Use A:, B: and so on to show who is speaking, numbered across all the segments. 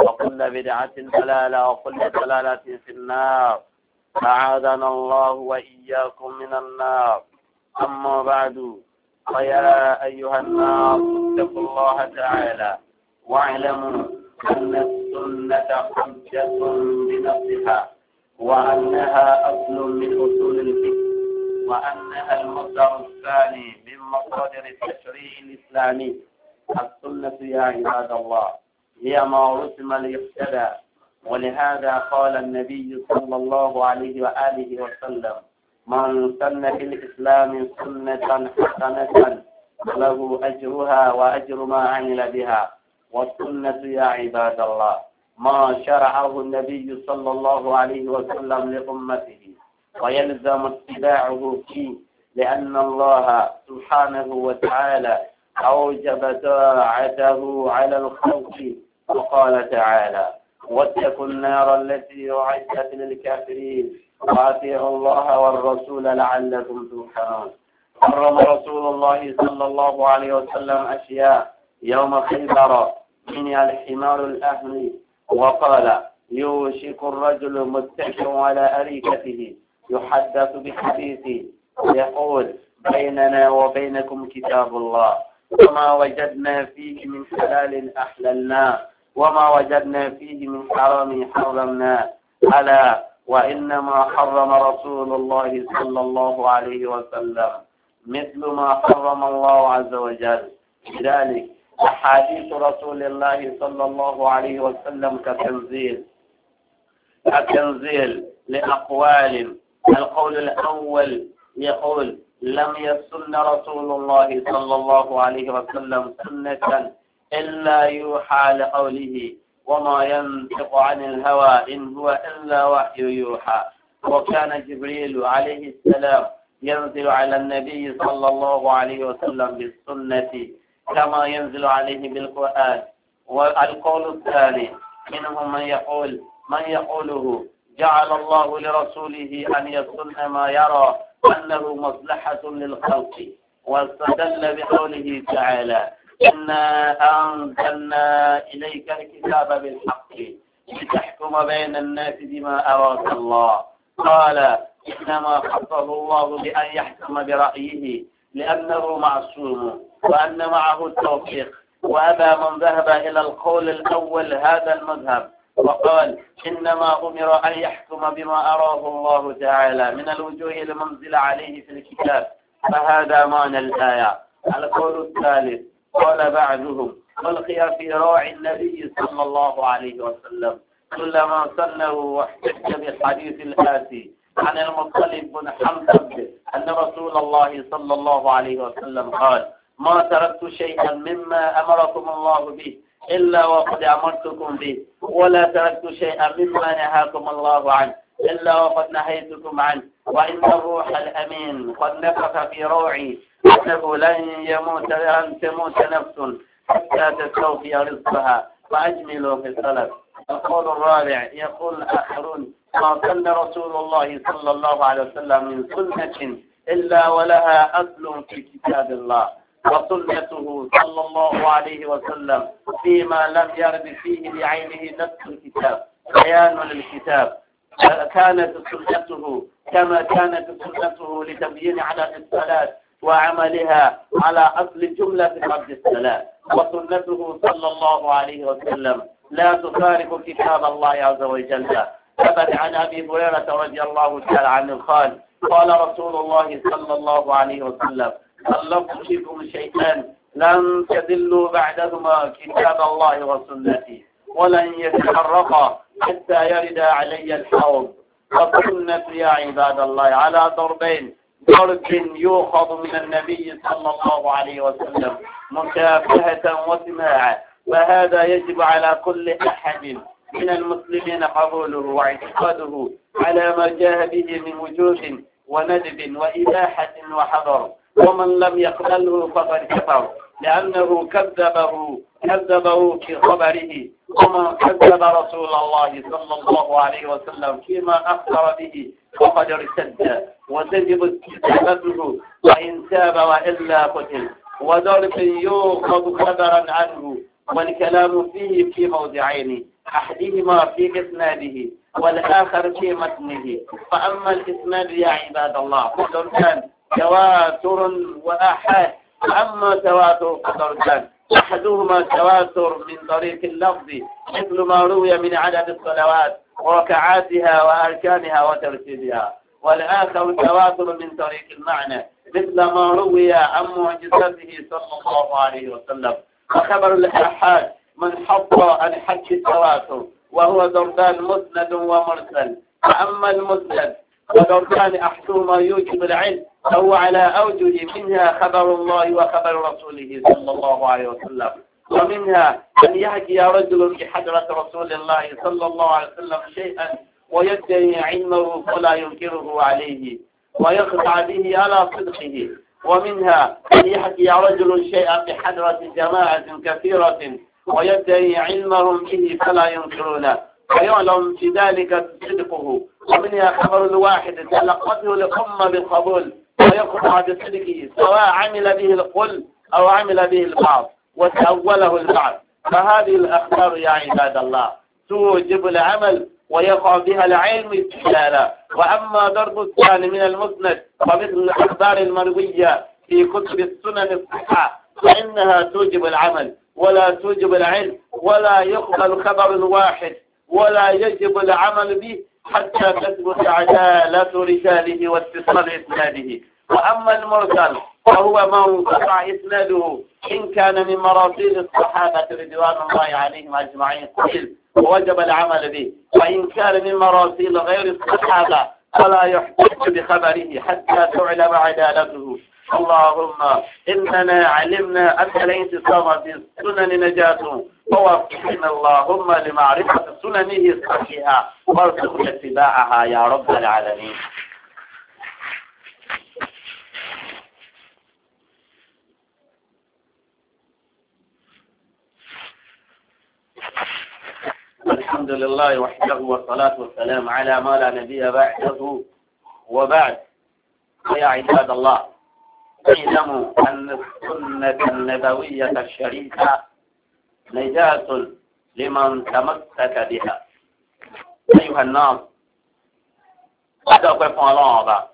A: وكل بدعة ضلالة وكل ضلالة في النار أعاذنا الله وإياكم من النار أما بعد فيا أيها الناس اتقوا الله تعالى واعلموا أن السنة حجة بنفسها وأنها أصل من أصول الفكر وأنها المصدر الثاني من مصادر التشريع الإسلامي السنة يا عباد الله هي ما رسم ليقتدى ولهذا قال النبي صلى الله عليه وآله وسلم من سن في الإسلام سنة حسنة له أجرها وأجر ما عمل بها والسنة يا عباد الله ما شرعه النبي صلى الله عليه وسلم لأمته ويلزم اتباعه فيه لأن الله سبحانه وتعالى أوجب طاعته على الخلق وقال تعالى واتقوا النار التي أعدت للكافرين وأطيعوا الله والرسول لعلكم ترحمون حرم رسول الله صلى الله عليه وسلم أشياء يوم خيبر من الحمار الأهلي وقال يوشك الرجل متكئ على أريكته يحدث بحديثه يقول بيننا وبينكم كتاب الله وما وجدنا فيه من حلال أحللناه وما وجدنا فيه من حرام حرمناه ألا وإنما حرم رسول الله صلى الله عليه وسلم مثل ما حرم الله عز وجل لذلك أحاديث رسول الله صلى الله عليه وسلم كتنزيل كتنزيل لأقوال القول الأول يقول لم يسن رسول الله صلى الله عليه وسلم سنة إلا يوحى لقوله وما ينطق عن الهوى إن هو إلا وحي يوحى وكان جبريل عليه السلام ينزل على النبي صلى الله عليه وسلم بالسنة كما ينزل عليه بالقرآن والقول الثاني منهم من يقول من يقوله جعل الله لرسوله أن يصن ما يرى أنه مصلحة للخلق واستدل بقوله تعالى إنا أنزلنا إليك الكتاب بالحق لتحكم بين الناس بما أراد الله قال إنما خطه الله بأن يحكم برأيه لأنه معصوم وأن معه التوفيق وأبى من ذهب إلى القول الأول هذا المذهب وقال إنما أمر أن يحكم بما أراه الله تعالى من الوجوه المنزل عليه في الكتاب فهذا معنى الآية القول الثالث قال بعدهم ألقي في راعي النبي صلى الله عليه وسلم كلما سنه واحتج بالحديث الآتي عن المطلب بن حمزة أن رسول الله صلى الله عليه وسلم قال ما تركت شيئا مما أمركم الله به إلا وقد أمرتكم به ولا تركت شيئا مما نهاكم الله عنه إلا وقد نهيتكم عنه وإن الروح الأمين قد نفخ في روعي إنه لن يموت أن تموت نفس حتى تستوفي رزقها فأجملوا في السلف القول الرابع يقول الآخرون ما صلى رسول الله صلى الله عليه وسلم من سنة إلا ولها أصل في كتاب الله وسنته صلى الله عليه وسلم فيما لم يرد فيه بعينه نفس الكتاب بيان للكتاب كانت سنته كما كانت سنته لتبيين على الصلاة وعملها على أصل جملة عبد السلام وسنته صلى الله عليه وسلم لا تفارق كتاب الله عز وجل ثبت عن أبي هريرة رضي الله تعالى عنه قال قال رسول الله صلى الله عليه وسلم خلقت فيكم شيئان لن تذلوا بعدهما كتاب الله وسنتي ولن يتحرقا حتى يرد علي الحوض وسنة يا عباد الله على ضربين ضرب يؤخذ من النبي صلى الله عليه وسلم مشافهة وسماعة وهذا يجب على كل أحد من المسلمين قبوله واعتقاده على ما جاء به من وجوه وندب وإباحة وحضر ومن لم يقبله فقد كفر لأنه كذبه كذبه في خبره ومن كذب رسول الله صلى الله عليه وسلم فيما أخبر به فقد ارتد وتجب استجابته وإن تاب وإلا قتل وذلك يؤخذ خبرا عنه والكلام فيه في موضعين أحدهما في إسناده والآخر في متنه فأما الإسناد يا عباد الله فالإنسان تواتر وأحاد أما تواتر فدرجان أحدهما تواتر من طريق اللفظ مثل ما روي من عدد الصلوات وركعاتها وأركانها وترتيبها والآخر تواتر من طريق المعنى مثل ما روي عن معجزته صلى الله عليه وسلم وخبر الأحاد من حط عن حج التواتر وهو دردان مسند ومرسل وأما المسند فدردان أحدهما يوجب العلم أو على أوجه منها خبر الله وخبر رسوله صلى الله عليه وسلم ومنها أن يحكي رجل في حضرة رسول الله صلى الله عليه وسلم شيئا ويدعي علمه فلا ينكره عليه ويخضع به على صدقه ومنها أن يحكي رجل شيئا بحضرة جماعة كثيرة ويدعي علمهم به فلا ينكرونه ويعلم في ذلك صدقه ومنها خبر الواحد تلقته الأمة بالقبول ويقطع بصدقه سواء عمل به القل أو عمل به البعض وتأوله البعض فهذه الأخبار يا عباد الله توجب العمل ويقع بها العلم استحلالا وأما ضرب الثاني من المسند ومثل الأخبار المروية في كتب السنن الصحة فإنها توجب العمل ولا توجب العلم ولا يقبل خبر واحد ولا يجب العمل به حتى تثبت عدالة رساله واتصال إسناده وأما المرسل فهو من قطع إسناده إن كان من مراسيل الصحابة رضوان الله عليهم أجمعين قيل ووجب العمل به وإن كان من مراسيل غير الصحابة فلا يحتج بخبره حتى تعلم عدالته اللهم إننا علمنا أن الانتصام في السنن نجاته ووفقنا اللهم لمعرفة سننه الصحيحة وارزقنا اتباعها يا رب العالمين الحمد لله وحده والصلاة والسلام على ما لا نبي بعده وبعد يا عباد الله اعلموا أن السنة النبوية الشريفة نجاة لمن تمسك بها أيها الناس أدعوكم الله أبا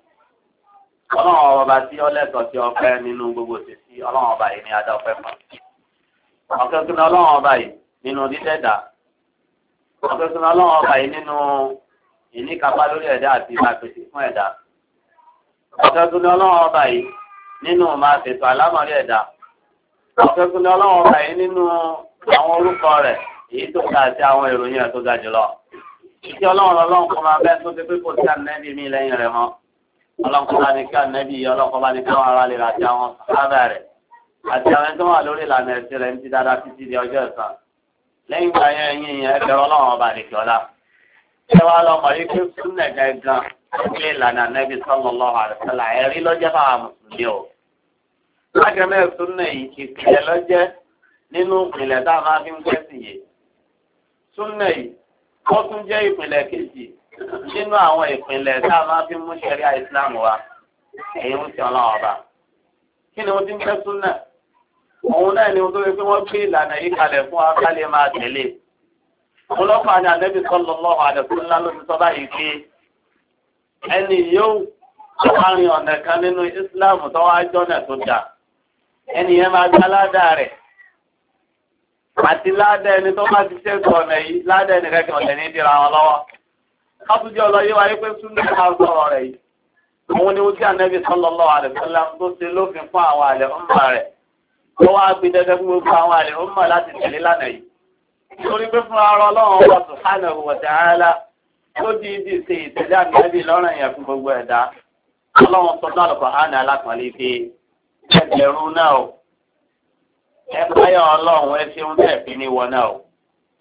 A: ọlọ́run ọba tí ọlẹ́tọ̀ tí ọpẹ́ nínú gbogbo títí ọlọ́run ọba yìí ni adá ọpẹ́ fún ọpẹ́ kí ni ọlọ́run ọba yìí nínú dídẹ́dà ọpẹ́ kí ni ọlọ́run ọba yìí nínú ìníkapa lórí ẹ̀dá àti ìbápèsè fún ẹ̀dá ọpẹ́ kí ni ọlọ́run ọba yìí nínú máa fètò àlámọ̀rí ẹ̀dá ọ̀sẹ̀kùn ni ọlọ́run ọba yìí nínú àwọn orúkọ rẹ̀ èyí tó ga àti àwọn ìròyìn rẹ̀ tó ga jùlọ. ìṣe ọlọ́run ọlọ́run kọ́ máa bẹ́ẹ̀ tó ti pé kò sí ànẹ́bí mi lẹ́yìn rẹ̀ mọ́. ọlọ́run kọ́ bá ní ká ànẹ́bí yìí ọlọ́run kọ́ bá ní káwọn ará lè àti àwọn sábà rẹ̀ àti àwọn tó wà lórí ìlànà ẹ̀sìn rẹ̀ ń ti dáadáa títí di ọjọ́ ẹ̀san. lẹ́yìn ìgbà yẹn yìí pé lágẹ̀mẹ́ súnà yìí ìpìlẹ̀ lọ́jẹ́ nínú ìpìlẹ̀ tá a máa fi ń gbẹ́sìn yìí súnà yìí ó tún jẹ́ ìpìlẹ̀ kejì nínú àwọn ìpìlẹ̀ tá a máa fi mú ṣẹ̀ríà islam wa èyí ń ti ọlọ́run ọba kí ni wọ́n ti ń fẹ́ súnà òun náà ni wọ́n tó fi pé wọ́n gbé ìlànà yìí kalẹ̀ fún wa ká lè máa tẹ̀lé ọlọ́pàá ni àdẹ́bí sallallahu alaihi wasallam tó wá jọ́nà ẹnìyẹn máa gba ládàá rẹ̀ àti ládàá ẹni tó bá ti ṣètò ọ̀nà yìí ládàá ẹni kẹ́kẹ́ ọ̀tẹ̀ ní ìdíra wọn lọ́wọ́ kápújọ́ ọlọ yé wáyé pé súnmọ́ ká sọ̀rọ̀ rẹ̀ yìí òun ni ojú ànẹ́bí sallallahu alaihi wasallam tó ṣe lófin fún àwọn àlẹ́ ọmọ rẹ̀ wá gbé dẹ́dẹ́ fún gbogbo àwọn àlẹ́ ọmọ láti tẹ̀lé lánàá yìí torí pé fún ara ọlọ́run di ibi ìtẹ̀lé ànẹ́bí lọ́rùn fún gbogbo ẹ̀dá ọlọ́run ẹbẹ̀rù náà o ẹ báyọ̀ ọlọ́run ẹ ṣe ń tẹ̀bí ní wọn náà o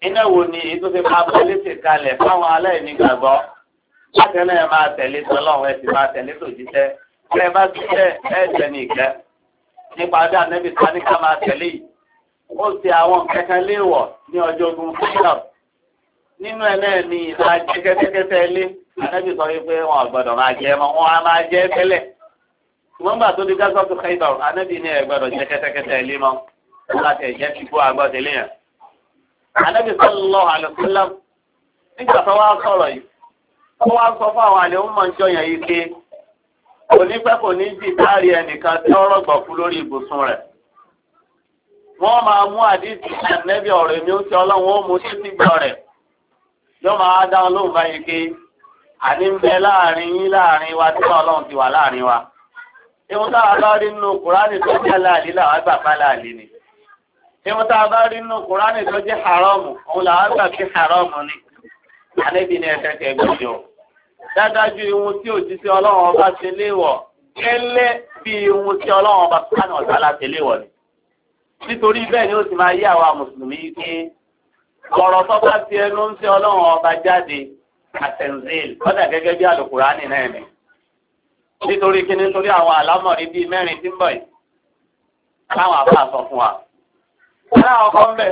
A: iná wo ni ètò ti máa bọ́ létí kalẹ̀ fáwọn aláìní gbàgbọ́ láti náà máa tẹ̀lé tọ́lọ́run ẹ sì máa tẹ̀lé tòjíṣẹ́ kí ẹ bá jíṣẹ́ ẹ jẹ ní ìkẹ́ nípa ọjọ́ ànẹ́bí sanika máa tẹ̀lé yìí ó ti àwọn kankan léèwọ̀ ní ọjọ́ ogun freedom nínú ẹ náà ni ìlà jẹ́kẹ́kẹ́kẹ́ tẹ́lé ànẹ́bí sọ wípé wọn ò gbọ́dọ̀ máa jẹ mọ́ wọn á máa jẹ tẹ́lẹ̀ ṣùgbọ́n gbà tó di gásọ́ tó Khaybar anábì ní ẹ̀gbọ́dọ̀ jẹ́ kẹ́tẹ́kẹ́tẹ́ ilé mọ́ láti ẹ̀jẹ̀ fi kó agbọ́dẹ anábì nígbà tó wá sọ̀rọ̀ yìí wá sọ fún àwọn àlẹ́ ọmọ ìjọ yẹn yìí pé kò ní pẹ́ kò ní jì káàrí ẹnìkan tí rọ̀gbọ̀ lórí ibùsùn rẹ̀. wọ́n máa mú àdìsí ọ̀rọ̀ èmi ó ti ọlọ́run ó mú Ìwọ́n tá a bá rí nínú Kùránì tó jẹ́ láàlí làwọn àgbà pa láàlí ni. Ìwọ́n tá a bá rí nínú Kùránì tó jẹ́ haramu, òun làwọn àgbà fi haramu ni. Àlébi ni ẹ̀fẹ̀ tẹ̀ gbòjò. Dájájú ihun tí òjíṣẹ́ Ọlọ́run ọba ṣe léèwọ̀ kẹ́lẹ́ bí ihun tí Ọlọ́run ọba sánà ọ̀tá láti léèwọ̀ ni. Nítorí bẹ́ẹ̀ ni ó sì máa yí àwa Mùsùlùmí pé ọ̀rọ̀ tó bá ti ẹnu ń ṣe Ọlọ́run ọba jáde àtẹ̀ǹzéèlì, kọ́dà gẹ́gẹ́ bí àlùkùránì náà nítorí kí nítorí àwọn àlámọ̀rí bíi mẹ́rin tí ń bọ̀ yìí láwọn àbá sọ fún wa. láwọn ọkọ ń bẹ̀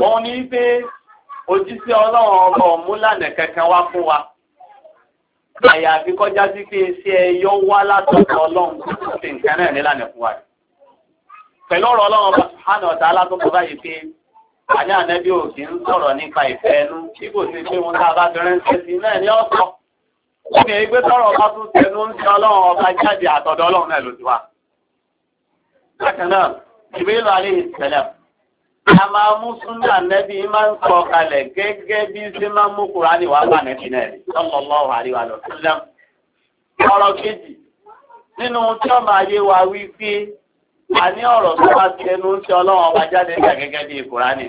A: wọ́n ní pé òjíṣẹ́ ọlọ́run ọba ọ̀múlànà kankan wá fún wa àyàfi kọjá sí pé ṣé ẹyọ wá látọ̀dọ̀ ọlọ́run tó ti nǹkan náà nílànà fún wa rẹ̀. pẹ̀lú ọ̀rọ̀ ọlọ́run ọba hàn ọ̀tá alátọ́kọ báyìí pé àní ànẹ́bí òkè ń sọ̀rọ̀ nípa ìfẹ́ ẹnu bí kò sí pé wọn tá a bá Ní ẹgbẹ́ tọ́rọ ọba tún tẹnu ń ṣe ọlọ́run ọba jáde àtọ̀dọ̀ ọlọ́run náà ló ti wá. Bákan náà, Jibril alayhi salam. A máa mú súnà nẹ́bí máa ń sọ kalẹ̀ gẹ́gẹ́ bí sí máa mú Kùránì wá bà nẹ́bí náà rí. Sallallahu alaihi wa sallam. Ọ̀rọ̀ kejì, nínú tí ó máa yé wa wí pé a ní ọ̀rọ̀ tó bá tẹnu ń ṣe ọlọ́run ọba jáde gẹ́gẹ́ bí Kùránì.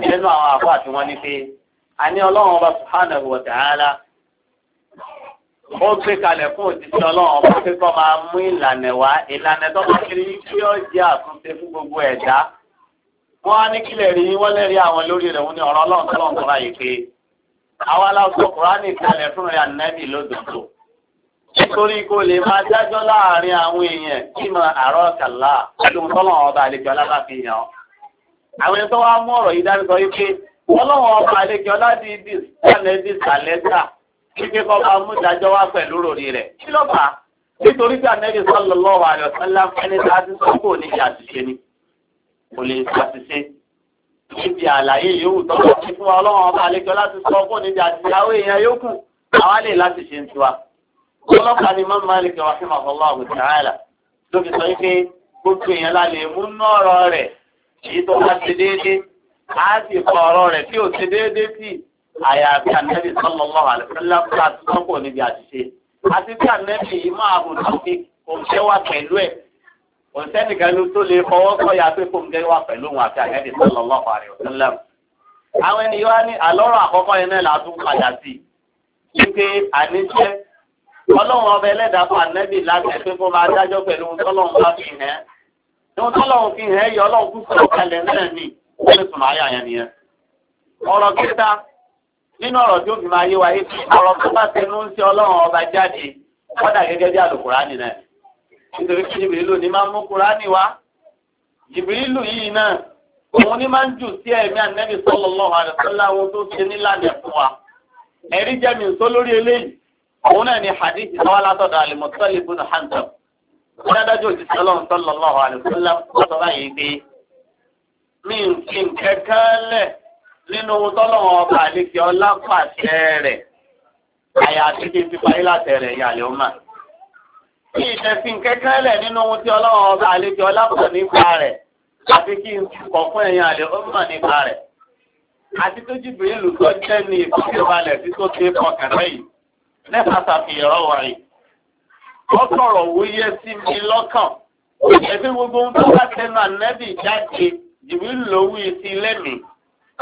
A: Nínú àwọn àfọ́ àti wọn ní pé, a ní ọlọ́run ọba subhanahu wa ta'ala ó gbé kalẹ̀ fún òtítọ́ ọlọ́run ọba kíkọ́ máa mú ìlànà wá ìlànà tó bá kiri kí ó jẹ́ àtúnṣe fún gbogbo ẹ̀dá wọ́n á ní kílẹ̀ rí wọ́n lẹ́rí àwọn lórí rẹ̀ wọ́n ní ọ̀rọ̀ ọlọ́run tó lọ́n tọ́ra yìí pé àwa láwùjọ kùránì kalẹ̀ fún rẹ̀ ànẹ́bì lódodo nítorí kó lè máa dájọ́ láàrin àwọn èèyàn kí mọ àárọ̀ kàlá pẹ̀lú tó wá ọba àlejò aládìí kíkẹ́ kọ́ bá mú ìdájọ́ wá pẹ̀lú ròrí rẹ̀ kí ló fà á nítorí pé ànẹ́bí sallallahu alaihi wasallam ẹni tá a ti sọ kò ní ìyá àṣìṣe ni kò lè ṣàṣìṣe níbi àlàyé yòówù tó bá ti fún wa ọlọ́run ọba àlejò láti sọ kò ní ìyá àṣìṣe àwọn èèyàn yòókù àwa lè láti ṣe ń tiwa. ọlọ́pàá ni mọ́mọ́ àlejò wa fi máa fọwọ́ àwọn ìtàhálà ló fi sọ pé gbogbo èèyàn la lè mú ná ọ̀rọ̀ rẹ̀ èyí tó bá ti déédéé á sì fọ ọ̀rọ̀ rẹ̀ tí ò ti déédéé sí àyàfi ànẹ́bí sallallahu alaihi wasallam àti sọ́kò níbi àṣìṣe àti bí ànẹ́bí yìí máa bò tàbí òǹṣẹ́ wà pẹ̀lú ẹ̀ òǹṣẹ́ nìkan ló tó lè fọwọ́ kọ́ ya pé kòǹṣẹ́ wà pẹ̀lú òun àti ànẹ́bí sallallahu alaihi wasallam. àwọn ènìyàn wá ní àlọ́rọ̀ àkọ́kọ́ yẹn náà látún padà sí i pé àníṣe ọlọ́run ọba ẹlẹ́dàá fún ànẹ́bí láti ẹ̀fẹ́ kó máa dájọ́ pẹ̀lú ohun tọ́lọ́run bá fi hẹ́ ohun tọ́lọ́run fi hẹ́ nínú ọ̀rọ̀ tí ó fi máa yé wa yé pé ọ̀rọ̀ tó bá tẹnu ń sí ọlọ́run ọba jáde kọ́dà gẹ́gẹ́ bí àlùkùránì náà nítorí pé jìbìrìlù ni máa ń mú kùránì wá jìbìrìlù yìí náà òun ni máa ń jù sí ẹ̀mí ànẹ́bí sallallahu alaihi wasallam tó ṣe nílànà fún wa ẹ̀rí jẹ́ mi tó lórí eléyìí òun náà ni hadith tọ́wá látọ̀dọ̀ al-Muttalib ibn Hanzam dádájọ́ òjijì ọlọ́run sallallahu alaihi wasallam tó sọ báyìí pé nǹkan kan lẹ̀ nínú tọ́lọ́wọ́ ọba àlekè ọlá pàṣẹ rẹ̀ àyà àti kí n ti parí látẹ̀rẹ̀ ìyàlẹ́ ọmọ. kí ìtẹ̀sìn kẹ́kẹ́ lẹ̀ nínú ohun tí ọlọ́wọ́ ọba àlekè ọlá pọ̀ nípa rẹ̀ àti kí n kọ̀ fún ẹ̀yìn àlẹ́ ọmọ nípa rẹ̀. àti tó jìbì ìlú tó jẹ́ ní ìfọ̀kànbalẹ̀ tí tó ti kọ̀ kẹ̀rẹ́ yìí nípa ṣàfihàn ọ̀wọ̀ rẹ̀. wọ́n sọ̀rọ̀ wúyẹ́ sí mi lọ́kàn ẹ̀fín gbogbo ohun tó bá tẹnu ànẹ́bì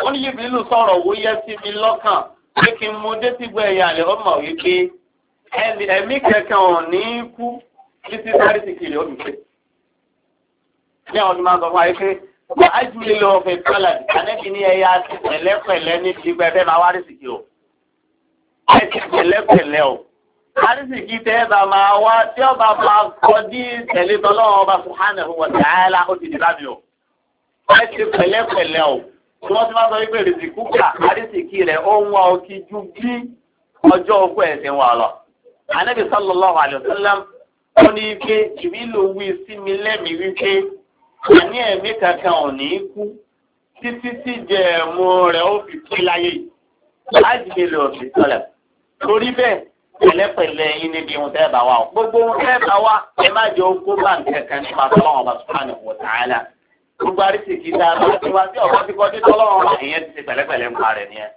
A: wọ́n ní Jibrilu sọ̀rọ̀ owó yẹ sí mi lọ́kàn pé kí n mú dé sígbó ẹ̀yà rẹ̀ ó mọ̀ wípé ẹ̀mí kẹ̀kẹ́ ò ní kú títí sáré ti kiri olùfẹ́. ní àwọn ọdún máa ń sọ fún wa pé wà á ju lílo ọ̀fẹ́ kọ́là ànẹ́bí ní ẹ̀yà pẹ̀lẹ́pẹ̀lẹ́ ní ti gbẹ fẹ́ máa wá rìsìkì o. ẹ ti pẹ̀lẹ́pẹ̀lẹ́ o. rìsìkì tẹ́ ẹ bá máa wá tí ọba máa kọ dí tẹ̀lé tọ́lọ́wọ́ ọba subhanahu wa ta'ala ó ti tí wọ́n ti máa sọ wípé rìsìkú kà àrísìkí rẹ̀ ó ń wá ọkí ju bí ọjọ́ ogún ẹ̀sìn wà lọ. Ànábì sallallahu alaihi wasallam ó ní pé ìbílò wí sí mi lẹ́mìí wípé àní ẹ̀mí kankan ò ní kú títí tí jẹ ẹ̀mú rẹ̀ ó fi pín láyé yìí. Láti lè lọ sí sọ̀rọ̀. Torí bẹ́ẹ̀ pẹ̀lẹ́pẹ̀lẹ́ yín níbi ohun tẹ́ bá wa. Gbogbo ohun tẹ́ bá wa ẹ má jẹ́ okó bá nǹkan kan nípa sọ́wọ́n ọba Subhanahu wa ta'ala gbogbo àrísìkì tá a bá ti wá sí ọ̀pọ̀ ti kọjú tọ́lọ́run ìyẹn ti ṣe pẹ̀lẹ́pẹ̀lẹ́ ń parẹ́ ni ẹ.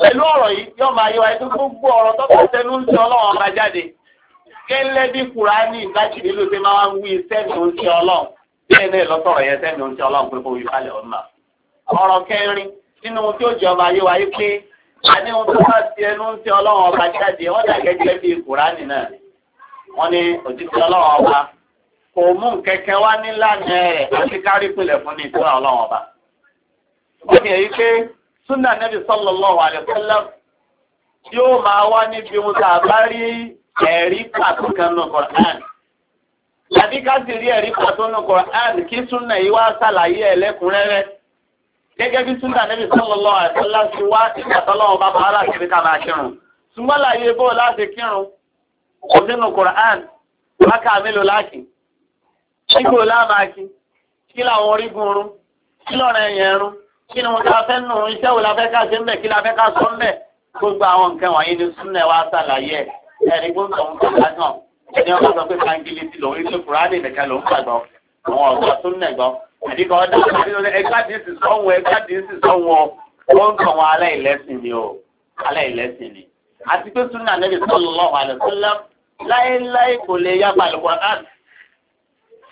A: pẹ̀lú ọ̀rọ̀ yìí yóò máa yọ ẹni gbogbo ọ̀rọ̀ tó kọ̀ sẹ́nu ń ṣe ọlọ́run ọba jáde gẹ́lẹ́ bí kùránì ìdájìlélò ṣe máa ń wí sẹ́nu ń ṣe ọlọ́run bẹ́ẹ̀ náà lọ́sọ̀rọ̀ yẹn sẹ́nu ń ṣe ọlọ́run pé kò wí falẹ̀ ọ̀nà. ọ̀rọ̀ kẹrin nínú ohun tí ó jẹ ọmọ a ní ohun tó bá ti ẹnu ń ṣe ọlọ́run ọba jáde kò mú kẹ̀kẹ́ wá nílànà rẹ̀ àti kárí pilẹ̀ fún ní ìtura ọlọ́run ọba. ó ní èyí pé súnà nẹ́bí sallallahu alaihi wasallam yóò máa wá níbi ohun tá a bá rí ẹ̀rí pàtó kan nù Qur'an. àbí ká sì rí ẹ̀rí pàtó nù Qur'an kí súnà yìí wá sàlàyé ẹ̀ lẹ́kùnrẹ́rẹ́. gẹ́gẹ́ bí súnà nẹ́bí sallallahu alaihi wasallam ti wá ìgbàtọ́lọ́wọ́ bá bàárà kiri ká máa kírun. ṣùgbọ́n láyé bó láti kírun kò sínú Qur'an ṣígbò láàbàákí kí làwọn orígun oorun kí lọ́rọ̀ ẹ̀yẹ̀ ẹ̀rún kí ni wọ́n ta fẹ́ nù iṣẹ́ wo la fẹ́ ká ṣe ń bẹ̀ kí la fẹ́ ká sọ ń bẹ̀ gbogbo àwọn nǹkan wọ̀nyí ni súnlẹ̀ wa ṣàlàyé ẹ̀ ẹ̀rí gbogbo àwọn kọ́lá náà ẹni ọba sọ pé kangili ti lòun ilé kùránì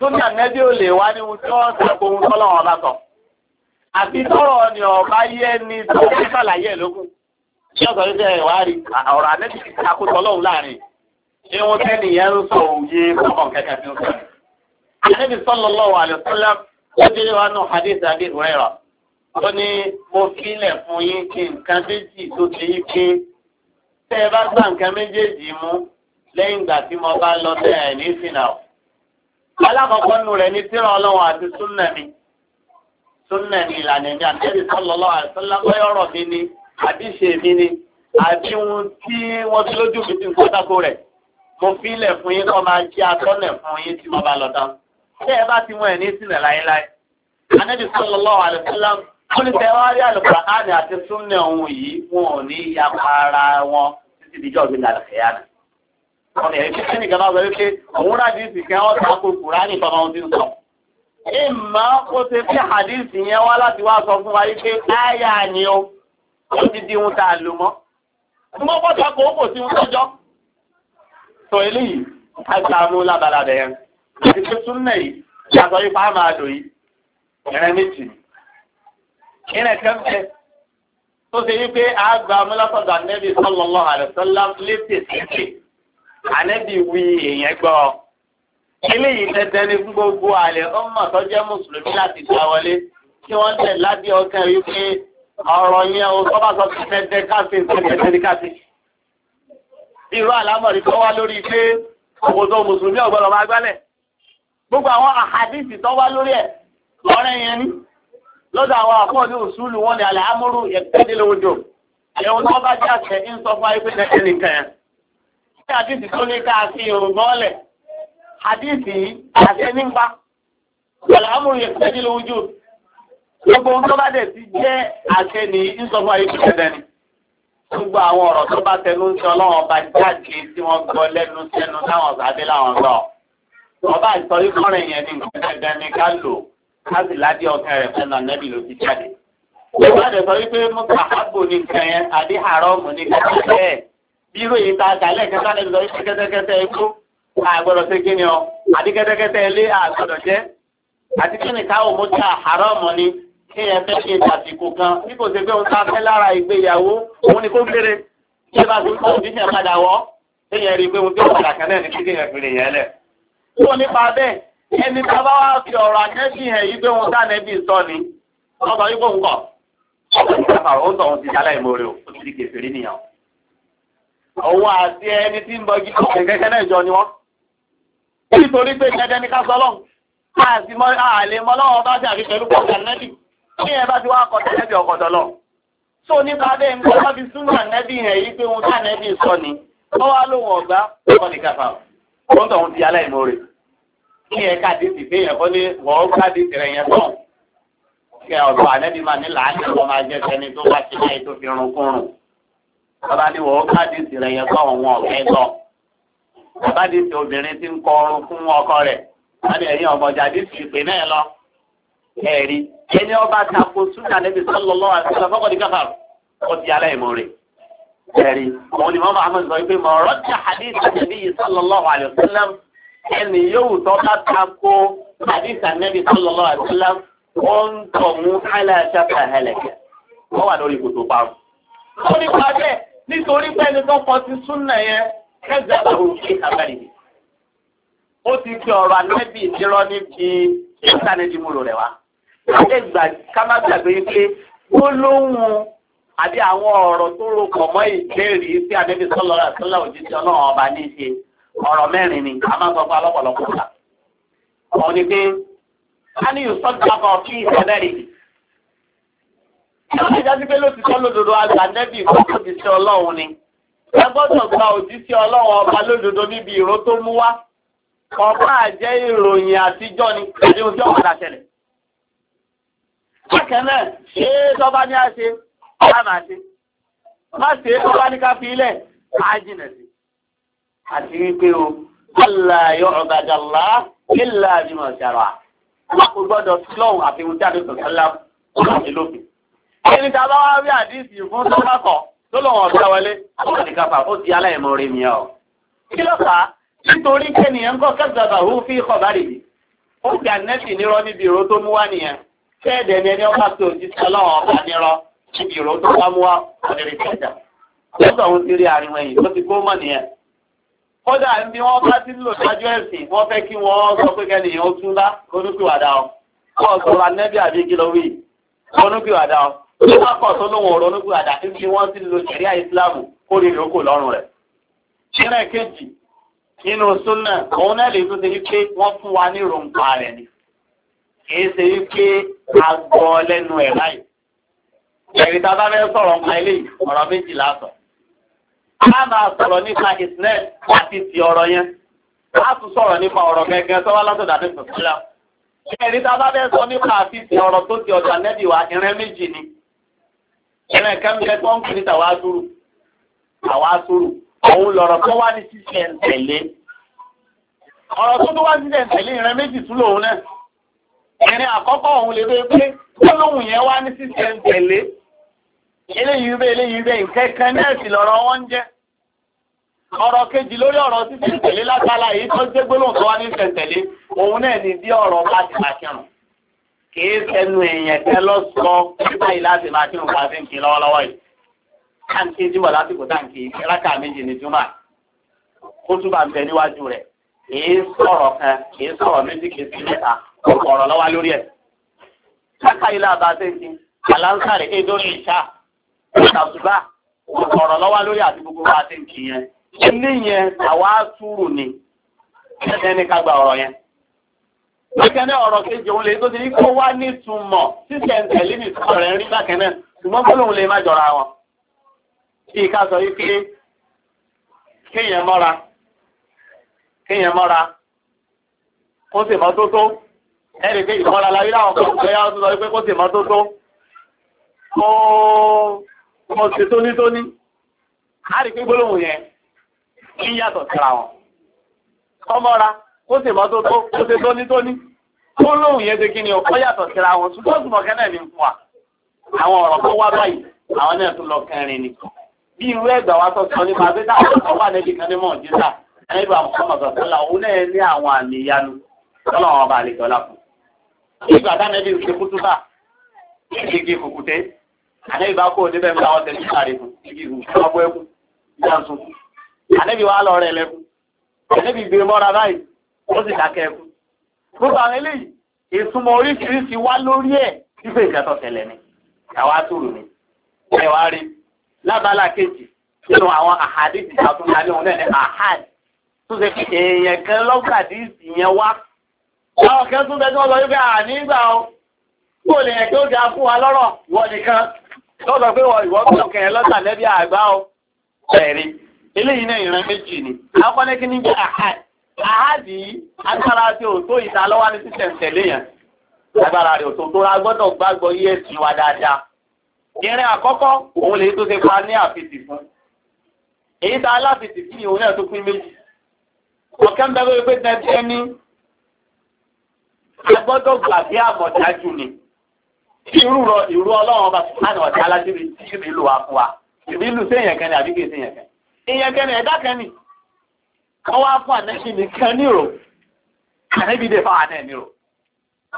A: Súnà nẹ́bí ò lè wá ní ohun tí wọ́n sàkó ohun tọ́lọ̀ wọn bá sọ. Àfi tọ́rọ̀ ni ọ̀bá yẹ́ ni tó ń sàlàyé ẹ̀ lókun. Ṣé ọ̀sọ̀ ní sẹ́yìn wá rí ọ̀rọ̀ ànẹ́bí ti takó tọ́lọ́hùn láàrin. Ṣé wọ́n tẹ́ni yẹn ń sọ òye kọ̀ọ̀kan kẹ̀kẹ́ fi ń sọ. Ànẹ́bí sallallahu alaihi wasallam ó dé wá nù hadith Abi Huraira. Ó ní mo fílẹ̀ fún yín kí nǹkan méjì tó ti yí pé tẹ́ ẹ bá gbà nǹkan méjèèjì mú lẹ́yìn ìgbà tí mo bá lọ tẹ́ ẹ̀ ní ìsìn alákọ̀ọ́kọ́ nù rẹ̀ ní tírà ọlọ́run àti súnà mi súnà mi ìlànà mi àtẹ́rì sọ́lọ́lọ́ àìsọ́lá pé ọ̀rọ̀ mi ni àbí ṣe mi ni àbí ohun tí wọ́n ti lójú mi ti ń kọ́tàkó rẹ̀ mo fílẹ̀ fún yín kọ́ máa jẹ́ atọ́nà fún yín tí wọ́n bá lọ tán ṣé ẹ bá ti mú ẹ̀ ní sílẹ̀ láéláé anẹ́bí sọ́lọ́lọ́ àìsọ́lá wọ́n ní tẹ́wọ́ rí àlùkùránì àti ọ̀nà ẹ̀kí sí nìkan náà wẹ́rẹ́ pé òun rádìsì kí wọ́n tako kùránì bàbá wọn ti ń sọ. ẹ má ó ṣe fi àdìsì yẹn wá láti wá sọ fún wa yìí pé áyà ni o ó ti di ohun tá a lò mọ́. tí wọ́n bọ́ tako ó kò sí ohun tọ́jọ́. sọ eléyìí a gbà mú lábala bẹ̀rẹ̀ àti pé súnmẹ̀ yìí yàtọ̀ ipa ànẹ́bí wí èèyàn gbọ́ ilé yìí tẹ́tẹ́ ní fún gbogbo àlẹ́ ọmọ tó jẹ́ mùsùlùmí láti gbà wọlé kí wọ́n tẹ̀ lábẹ́ ọkàn yìí pé ọ̀rọ̀ yẹn o tó bá sọ sí tẹ́tẹ́ káfí tẹ́tẹ́ ní káfí. irú àlámọ̀rí tó wá lórí pé òkòtò mùsùlùmí ọ̀gbọ́dọ̀ máa gbálẹ̀ gbogbo àwọn àhàdìsì tó wá lórí ẹ̀ lọ́rẹ́ yẹn ní lọ́dọ̀ àwọn àpọ̀ ní òṣùlù wọn ni àlẹ́ amúrú ẹ̀kẹ́dẹ́lẹ́wọ́dọ̀ ẹ̀wọ̀n tó bá jáde ń sọ fún ayé pé tẹ́tẹ́ nìkan yẹn sí àdìsí tó ní ká sí yorùbá ọ̀lẹ̀ àdìsí àti nípa pẹ̀láàmù ìpẹ́jì lójú gbogbo ohun tó bá dẹ̀ ti jẹ́ àṣẹ ní ìsọfún ayé ìṣẹ̀lẹ̀ ni gbogbo àwọn ọ̀rọ̀ tó bá tẹnu ń sọ ọlọ́run ọba jáde tí wọ́n gbọ́ lẹ́nu sẹ́nu táwọn sàdé láwọn sọ ọba ìsọrí kọ́rin yẹn ní nǹkan dandan ni ká lò ká sì ládé ọkàn rẹ̀ fẹ́ náà nẹ́bí ló ti jáde. ìwádìí sọ wípé mọ́tò àhábò ní nǹkan yẹn àdé àárọ̀ mọ́ ní kẹ́kẹ́ bẹ́ẹ̀ bírò yìí ta kàlẹ́ kẹta lẹ́bi lọ sí kẹ́tẹ́kẹ́tẹ́ ikú àgbọ̀dọ̀ sí kí ni ọ àti kẹ́tẹ́kẹ́tẹ́ ilé àgbọ̀dọ̀ jẹ́ àti kí ni káwọn mo ta àrọ́ọ̀mù ni kí ẹ fẹ́ ṣe tàbíkù kan bí kò ṣe pé ó ta fẹ́ lára ìgbéyàwó òun ni kó gbére kí ẹ bá ti kó òjíṣẹ́ padà wọ́ kí ẹ rí i pé mo tó padà kan náà ní kí ẹ fìrì yẹn lẹ̀. tó nípa bẹ́ẹ̀ ẹni tá a bá wá fi ọ̀rọ̀ àjẹ́sí hẹ̀ yí pé òun tá nẹ́bí sọ ni ọ̀sán yìí kò ń kọ̀ ọ̀sán yìí kò ń kọ̀ ọ̀sán yìí kò ń kọ̀ ọ̀sán yìí kò ń kọ̀ Òun àti ẹni tí ń bọjú ọ̀sẹ̀ kẹ́kẹ́ náà jọ ni wọ́n. Nítorí pé ìjẹ́jẹ́ ní káṣọ lọ́hùn, láti mọ́ àlè mọ́ lọ́wọ́ bá ṣe àfi pẹ̀lú pọ̀jà nẹ́bì. Ní ẹ bá ti wá kọjá nẹ́bì ọ̀kọ̀dọ̀ lọ. Tó nípa bẹ́ẹ̀ ń gbọ́ fi súnmọ́ nẹ́bì yẹn yí pé ohun tá nẹ́bì sọ ni. Ó wá lóhun ọ̀gá ọkọ̀ ní kàfà. Ó ń tọ̀ ohun ti aláìmoore. Ní ẹ̀ka àdéhùn ìgbéyàn kọ́ ní wọ́n gbádìí tẹ̀rẹ̀ yẹn tán. Kẹ ọ̀dọ̀ ànẹ́bì máa ní ọba ní wọ́n kádìsì rẹ̀ yẹn wọn ọ̀kẹ́ ọba bàbá obìnrin ti ń kọ ọrùn fún ọkọ rẹ̀ wọ́n ní ẹ̀yìn ọmọ ìpè náà lọ ẹ̀rí ẹni ọba tako súnà níbi àti ní káfà ó òun ni wọ́n sọ pé àti ẹni yóò bá tako àdìsì àti sọlọ́lọ́ mú wà lórí kòtò pa nítorí pé ẹni tó kọ sí súnà yẹn kẹsì àbáwò kí àbáyé ó ti fi ọ̀rọ̀ ànábì ìdírọ́ níbi ìsànẹ́dì múlò rẹ̀ wá. ẹ gbà ká má gbàgbé pé ó lóhun àbí àwọn ọ̀rọ̀ tó rokọ̀ mọ́ ìbéèrè sí ànábì sọ́lọ́ àtúnlá òjíṣẹ́ ọlọ́run ọba ní í ṣe ọ̀rọ̀ mẹ́rin ni a máa sọ fún alọ́pọ̀lọpọ̀ ọ̀la. àwọn ni Àwọn ìjájú pé lótìtọ́ lódodo àgbà nẹ́bì ìgbàgbọ́dì sí ọlọ́run ni. Ẹ gbọ́dọ̀ gba òdí sí ọlọ́run ọba lódodo níbi ìró tó mú wá. Ọba àjẹ́ ìròyìn àtijọ́ ni èdè ojú ọ̀padà tẹ̀lẹ̀. Bákan náà, ṣé tọ́ba ní àṣe, ọba máa ṣe. Má ṣe tọ́ba ní ká fi ilẹ̀, á sí. Àti wípé o, Allah yóò ọ̀gbàjà lá, ìlà àbímọ̀ ṣàrà. Wọ́n kò gbọ́dọ̀ sílọ̀hùn àfihàn tí ẹni tí a bá wá rí àdísì fún sọ́kàkọ̀ tó lọ́wọ́ ọ̀gá wọlé àwọn nìkan fà ó ti aláìmọ̀ rẹ̀ mi ọ̀. kí ló fà á nítorí kẹ́nìyàn kọ́ kẹ́sàbà hù fi kọ̀bárì yìí ó gbà nẹ́ẹ̀sì nírọ́ níbi ìró tó mú wá nìyẹn kẹ́ẹ̀dẹ̀ ni ẹni ọba tó ti sọ lọ́wọ́ ọba nírọ́ níbi ìró tó wá mú wá ọ̀dẹ̀rẹ̀ kẹjà lọ́sọ̀ òun ti rí ariwo ẹ̀yìn tó ti kó mọ̀ nìyẹn kódà ń bí wọ́n bá ti lò dájú ẹ̀sìn wọ́n fẹ́ kí wọ́n sọ pé kẹ́nìyàn ó tún lá kónúkìwàdà ọ̀ kọ́ ọ̀sọ̀rọ̀ anẹ́bí àbí kí lọ wí kónúkìwàdà ọ̀ ní akọ̀ tó lóun ọ̀rọ̀ onígbò àdá tí kí wọ́n sì lo ṣẹ̀ríà ìsìláàmù kó rí ìrókò lọ́rùn rẹ̀. ṣẹlẹ̀ kejì nínú súnà òun náà lè tún ṣe wípé wọ́n fún wa ní ìròǹpa rẹ̀ ni kìí ṣe wípé a gbọ́ lẹ́nu ẹ̀ láì. ẹ̀rí ta bá fẹ́ sọ̀rọ̀ nípa ilé ọ̀rọ̀ méjì lásọ̀. a máa sọ̀rọ̀ nípa ìsìnẹ́ àti ti ọ̀rọ̀ yẹn. a tún sọ̀rọ̀ nípa ọ̀rọ̀ gẹ́gẹ́ sọ́wọ́ látọ̀dá ní sọ̀tìlá. ẹ̀rí ta bá fẹ́ sọ nípa àti ti ọ̀rọ̀ tó ti ọ̀dà nẹ́bí ìrẹ́ méjì ni ẹnì kan bẹ tó ń kiri tàwa sùúrù tàwa sùúrù òun lọ̀rọ̀ tó wá ní ṣíṣe ń tẹ̀lé ọ̀rọ̀ tó tó wá ní ṣíṣe ń tẹ̀lé ìrìn méjì tún lòun náà ìrìn àkọ́kọ́ òun lè bẹ́ẹ̀ pé tó lóhùn yẹn wá ní ṣíṣe ń tẹ̀lé eléyìí bẹ́ẹ̀ eléyìí bẹ́ẹ̀ kẹ́kẹ́ náà sì lọ̀rọ̀ wọn ń jẹ́ ọ̀rọ̀ kejì lórí ọ̀rọ̀ ṣíṣe ń látàlá èyí tó jẹ́ gbólóhùn tó wá ní ṣíṣe ń òun náà ní bí ọ̀rọ̀ bá ti máa kírun kìí fẹnu èèyàn kẹ lọ sọ báyìí láti máa kí nǹkan fi ń kí lọ́wọ́lọ́wọ́ yìí táǹkì jímọ̀ lásìkò táǹkì rákà méjì ní júmọ̀ kó túbà ń bẹ níwájú rẹ̀ kìí sọ̀rọ̀ kan kìí sọ̀rọ̀ méjì kìí sí mẹ́ta ọ̀rọ̀ lọ́wọ́ lórí ẹ̀ rákà ilé àbá sẹ́ńtì àlàńsàrè édó ní ìṣá ìṣàtúbà ọ̀rọ̀ lọ́wọ́ lórí àti gbogbo wa ti ń kì ni yẹn Lọ́kẹ́ náà ọ̀rọ̀ kejì òun lè tó ti ní kó wá ní túmọ̀ sísẹ̀ ń tẹ̀lé ní ìtumọ̀ rẹ̀ ń rí bákẹ́ náà ṣùgbọ́n kó lóun lè má jọra wọn. Bí ká sọ wípé kéèyàn mọ́ra kéèyàn mọ́ra kó sì mọ́tótó ẹ̀rì pé ìmọ́ra láyé láwọn kan pé á tó sọ wípé kó sì mọ́tótó kó kó sì tónítóní. Á rí pé gbólóhùn yẹn ń yàtọ̀ síra wọn. Kọ́mọ́ra ó sì mọ́ tó tó ó ṣe tóní tóní ó lóhùn yẹn ṣe kí ni ọ̀pọ̀ yàtọ̀ síra wọn ṣùgbọ́n ṣùgbọ́n kẹ́nẹ̀ ní fún wa àwọn ọ̀rọ̀ tó wá báyìí àwọn náà tún lọ kẹrin ni bí irú ẹ̀gbà wa tó sọ nípa pé táwọn ọ̀sán wà níbi kan ní mọ̀jísà ẹ̀rọ àwọn ọmọ sọ̀tọ́lá òun náà ní àwọn àmì ìyanu tọ́lọ́wọ́n ọba àlejò ọlá fún ìgbà táwọn ẹbí ṣe kú túbà ìdíje kùkùté àlẹ́bí bá kó níbẹ̀ mú àwọn tẹ̀lé sáré fún ìdíje kùkùté ọgbọ́ ẹkú ìjà ó sì dákẹ́ ẹkú gbogbo àwọn eléyìí ìsúnmọ́ oríṣiríṣi wá lórí ẹ̀ fífẹ́ ìkẹtọ̀ tẹ̀lẹ̀ ni àwa tóòrò ni ẹ wá rí lábala kejì nínú àwọn àhàdí ti àtúnṣe alẹ́ òun náà ní àhàdí tó ṣe fi èèyàn kan lọ́gbàdì ìyẹn wá àwọn kan tún bẹ́ẹ̀ tí wọ́n sọ wípé à nígbà o kó lè yẹn kí ó dáa fún wa lọ́rọ̀ wọ́n o ẹ̀rí eléyìí náà ìran méjì ni akọ́nẹ́kí ní bí àhàdí àhádì agbára tí ò tó ìta lọ́wọ́ ní sísẹ̀ǹtẹ̀lé yẹn agbára rẹ̀ ò tó tó agbọ́dọ̀ gbàgbọ́ yé ẹ̀sìn wa dáadáa irin àkọ́kọ́ òun lè tó ṣe pa ní àfitì fún èyí tá aláfitì fún ìhun náà tó pín méjì ọ̀kẹ́ ń bẹ̀rẹ̀ pé tẹ́tẹ́ ní agbọ́dọ̀ gbà bí àmọ̀dájú ni irú rọ ìrú ọlọ́run ọba sùpánì ọ̀tá aláṣírí tí ìrìlù wa fún wa ìrìlù sí èèyàn kẹ́ni àbí kì sí èèyàn kẹ́ni èèyàn kẹ́ni ẹ̀dá kẹ́ni wọ́n wá fún ànẹ́bí nìkan nírò ànẹ́bí dé fáwọn ànẹ́ nírò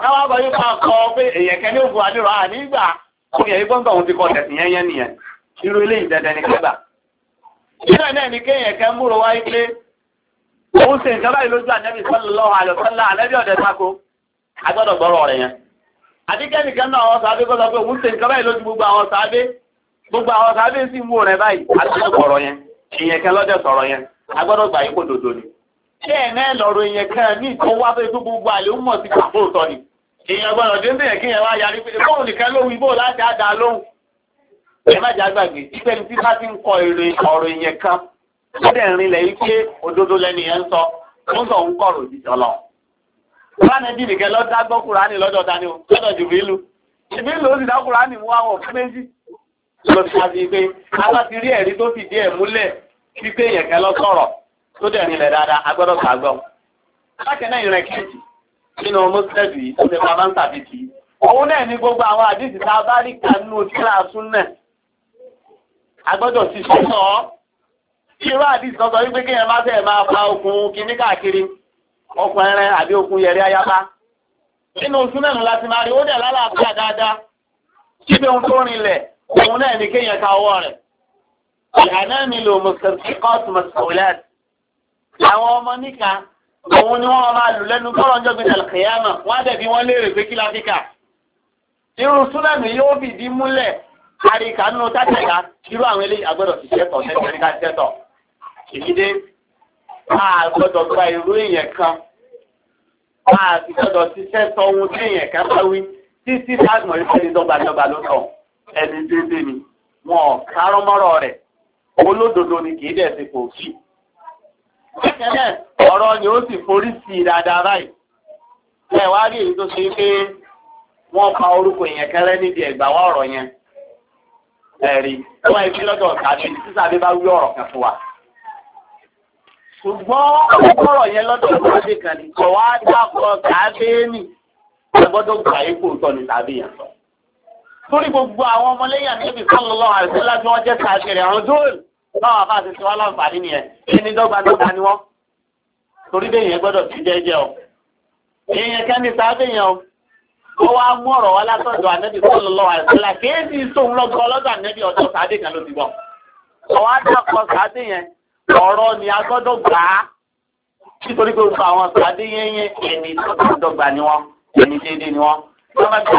A: wọ́n wá bọ̀ yóò bá kọ pé èyàn kẹ́ ní òfin wa nírò à nígbà òkè yìí gbọ́ngàn òun ti kọ tẹ̀sìn yẹn yẹn nìyẹn irú eléyìí dandan ní kẹgbà ìgbà náà ni kéèyàn kẹ́ múrò wáyé pé òun ṣe nǹkan báyìí lójú ànẹ́bí sallallahu alaihi wasallam ànẹ́bí ọ̀dẹ̀ tako agbọ́dọ̀ gbọ́rọ̀ rẹ̀ yẹn àti kẹ́nìkan náà àwọn sàábé kọ́ sọ pé òun ṣe nǹkan báyìí lójú gbogbo àwọn sàábé gbogbo àwọn sàábé sì mú rẹ̀ báyìí àti ọ̀rọ̀ yẹn ìyẹn kẹ́ lọ́dẹ̀ sọ̀rọ̀ yẹn agbọ́dọ̀ gbà yín kó dodo ni. ṣé ẹ̀ náà lọ́rọ̀ èèyàn kan ní ìtàn wá pé gbogbo àlè ó mọ̀ sí pàtó òtọ́ ni. èèyàn gbọ́dọ̀ dé bẹ̀rẹ̀ kí yẹn wá yarí pé bóun nìkan lóhun ibò láti àdá lóhun. ẹ má jà gbàgbé síbẹ̀ ní títà ti ń kọ èrè ọ̀rọ̀ èèyàn kan ó dẹ̀ rinlẹ̀ yìí pé òdodo àwọn òfin méjì. Lọ sí àti pé, a ẹ̀rí tó fìdí ẹ̀ múlẹ̀ wípé èèyàn kan lọ sọ̀rọ̀ tó dẹ̀ nílẹ̀ dáadáa agbọ́dọ̀ sàgbọ́. Alákẹ́ náà ìrìn kejì nínú mọ́sílẹ̀dù yìí tó lè máa bá ń tàbí kì í. Òun náà ní gbogbo àwọn àdìsí tá a bá rí kan nínú tíra sún náà. Agbọ́dọ̀ ti sọ sọ ọ́. Irú àdìsí sọ sọ wípé kéèyàn má fẹ́ máa fa okùn kíní káàkiri. Okùn ẹran àbí okùn yẹrí ayaba. Nínú sún náà láti máa rí ó dẹ̀ lálàáfíà dáadáa. Síbi ohun tó rinlẹ̀, òun náà ní kéèyàn ka ọwọ́ rẹ̀. الأنامل مستنطقات مسؤولات àwọn ọmọ níka òun ni wọ́n máa lù lẹ́nu tọ́rọ ọjọ́ gbé alkiyama wọ́n á dẹ̀bi wọ́n léèrè pé kí láfíkà irú súnàmì yóò fìdí múlẹ̀ àríkà nínú tátẹ̀ka irú àwọn eléyìí agbọ́dọ̀ ti ṣẹ́tọ̀ tẹ́tẹ́ríkà ṣẹ́tọ̀ ìdílé máa gbọ́dọ̀ gba irú èèyàn kan máa ti gbọ́dọ̀ ti ṣẹ́tọ̀ ohun tí èèyàn kan bá wí títí táàmù ìfẹ́ ní dọ́gbadọ́gba ló sọ ẹni déédéé ni wọn ò kárọ́mọ́rọ̀ rẹ̀ olódodo ni kì í dẹ̀ ti kò sí. Bẹ́ẹ̀ ọ̀rọ̀ ni ó sì forí sí i dáadáa báyìí. Ẹ wá rí èyí tó ṣe pé wọ́n pa orúkọ yẹn kẹ́rẹ́ níbi ẹ̀gbà wá ọ̀rọ̀ yẹn. Ẹ̀rí wọ́n ẹbí lọ́dọ̀ tàbí sísàbí bá wí ọ̀rọ̀ kan fún wa. Ṣùgbọ́n ọ̀rọ̀ yẹn lọ́dọ̀ ìwádìí kan ní kò wá dákọ̀ kàábéènì. Ẹ gbọ́dọ̀ gbà ipò tọ̀ ní tàbí yẹn torí gbogbo àwọn ọmọlẹ́yìn àníbi sọ́lọ́lọ́ àìsílá tí wọ́n jẹ́ sàṣẹ̀rì àwọn dóòlù báwọn bá ti ṣe wá láǹfààní nìyẹn ẹni dọ́gbadọ́gba ni wọ́n torí bẹ́ẹ̀ yẹn gbọ́dọ̀ ti jẹ́jẹ́ o èèyàn kẹ́ni sáábẹ̀ yẹn o ó wá mú ọ̀rọ̀ wá látọ̀dọ̀ ànẹ́bí sọ́lọ́lọ́ àìsílá kéèdì sóhun lọ́gọ́ ọlọ́dọ̀ ànẹ́bí ọ̀dọ̀ sáábẹ̀ kan ló ti bọ̀ ọwọ́ àdàkọ sáábẹ̀ yẹn ni a gbọ́dọ̀ gbà á nítorí pé gbogbo àwọn sáábẹ̀ yẹn yẹn ẹni tó dọ́gba ni wọ́n ẹni déédéé ni wọ́n wọ́n má gbà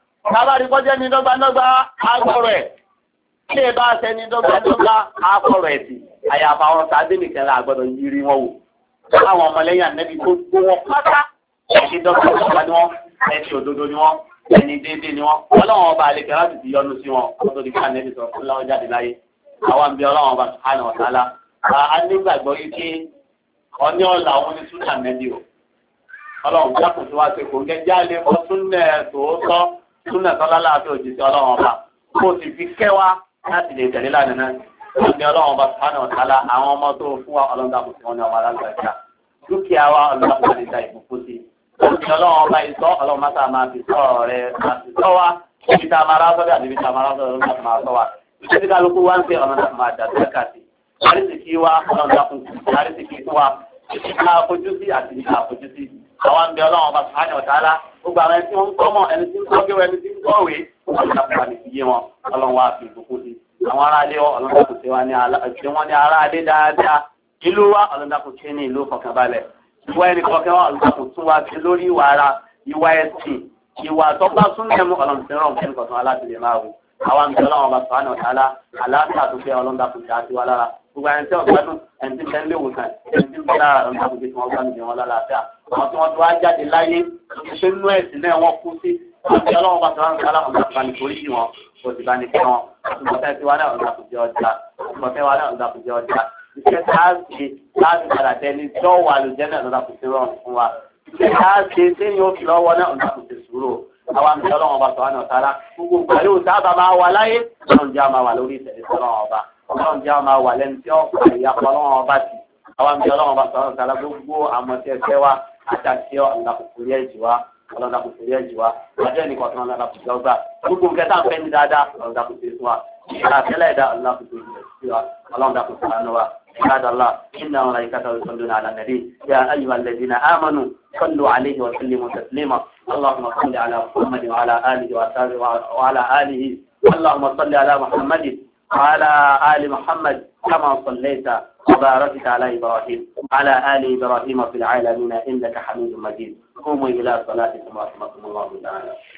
A: Tàbárí kọ́ dọ́gbàdọ́gbà agbọ̀rọ̀ ẹ̀. Ilé bá ṣẹ́ ní dọ́gbàdọ́gbà akọ̀rọ̀ ẹ̀ sí. Àyàfà àwọn tàbí nìkan la gbọ́dọ̀ wọn wò. Láwọn ọmọlẹ́yìn ànẹ́bí tó gbó wọn pátá. Ẹni dọ́gbàdọ́gbà ni wọ́n, ẹni òdodo ni wọ́n, ẹni déédé ni wọ́n. Ọlọ́run ọba àlekẹ́ láti ti yọ́nú sí wọn. Ó tó ká ànẹ́bí sọ súnà tọ́lá láàfin òjijì ọlọ́run ọba kó o sì fi kẹwa láti lè tẹ̀lé lánàá náà àmì ọlọ́run ọba sùpánà ọ̀tálá àwọn ọmọ tó fún wa ọlọ́run dàbò sí wọn ní ọmọ alágbàjá dúkìá wa ọlọ́run ọba lè da ìbùkún sí àmì ọlọ́run ọba ìsọ ọlọ́run mọ́tà máa fi sọ ọ̀rẹ́ àti sọ wa ibi tá a máa rásọ bí àti ibi tá a máa rásọ lọ́run náà àwọn àmì ọlọ́run ọba sùhánì ọ̀tàlá gbogbo àwọn ẹni tí wọ́n ń kọ́ mọ̀ ẹni tí ń kọ́ gẹ́wẹ́ ẹni tí ń kọ́wé wọ́n ti dàpọ̀ àti iye wọn ọlọ́run wa fi ìbùkún sí àwọn aráalé ọlọ́run kò ṣe wọn ní aráalé dáadáa ìlú wa ọlọ́run kò ṣe ní ìlú fọkànbalẹ̀ ìwà ẹni kọ̀ọ̀kan wa ọlọ́run kò tún wa fi lórí ìwà ara ìwà ẹ̀sìn ìwà tó bá súnmọ́ mu ọlọ́run ti rán gbogbo ẹni tí ọ̀gá dùn ẹni tí bẹ́ẹ̀ léwu kan ẹni tí bẹ́ẹ̀ lára ọ̀gá gbogbo tí wọ́n bá nìyẹn wọn lálàáfíà àwọn tí wọ́n tó wá jáde láyé ṣe nú ẹ̀sìn náà wọ́n kú sí àti ọlọ́wọ́ bá ti wá ń sálà ọ̀gá tó bá ní torí wọn kò sì bá ní kí wọn àtúmọ̀tẹ́ tí wọ́n náà ọ̀gá kò jẹ ọjà àtúmọ̀tẹ́ wọn náà ọ̀gá kò jẹ ọjà iṣẹ́ tá a ṣe láti padà tẹni tó wà lójẹ́ náà lọ́dà kò sí rọrùn fún wa iṣẹ́ tá a ṣe sẹ́yìn òfin lọ́wọ́ náà lọ́dà kò sí sùúrù àwa àmì ọlọ́wọ́n ọba sọ̀rọ̀ náà sára gbogbo ìgbà yóò sábà máa wà láyé lọ́njẹ́ a máa wà lórí ìtẹ̀lẹ́sọ̀rọ̀ ọba ọlọ́run jẹ́ ọmọ àwà lẹ́nu tí wọ́n pa ìyàpọ̀ ọlọ́run ọba sí àwọn àmì ọlọ́run ọba sọ̀rọ̀ sàlá gbogbo àmọ̀tí ẹsẹ̀ wa àtàkì ọ̀làkùnkùnrin ẹ̀jì wa ọlọ́dàkùnkùnrin ẹ̀jì wa ọjọ́ ẹnì kọ̀ọ̀kan ọlọ́dàkùnkùn ọgbà gbogbo nǹkan tá à ń fẹ́ ní dáadáa ọlọ́dàkùnkùn wa ìyá àtẹ́lẹ̀ ẹ̀dá ọlọ́dàkùnkùn wa عباد الله إن ملائكته يصلون على النبي يا أيها الذين آمنوا صلوا عليه وسلموا تسليما اللهم صل على محمد وعلى آله وصحبه وعلى آله اللهم صل على محمد وعلى آل محمد كما صليت وباركت على إبراهيم وعلى آل إبراهيم في العالمين إنك حميد مجيد قوموا إلى صلاتكم ورحمة الله تعالى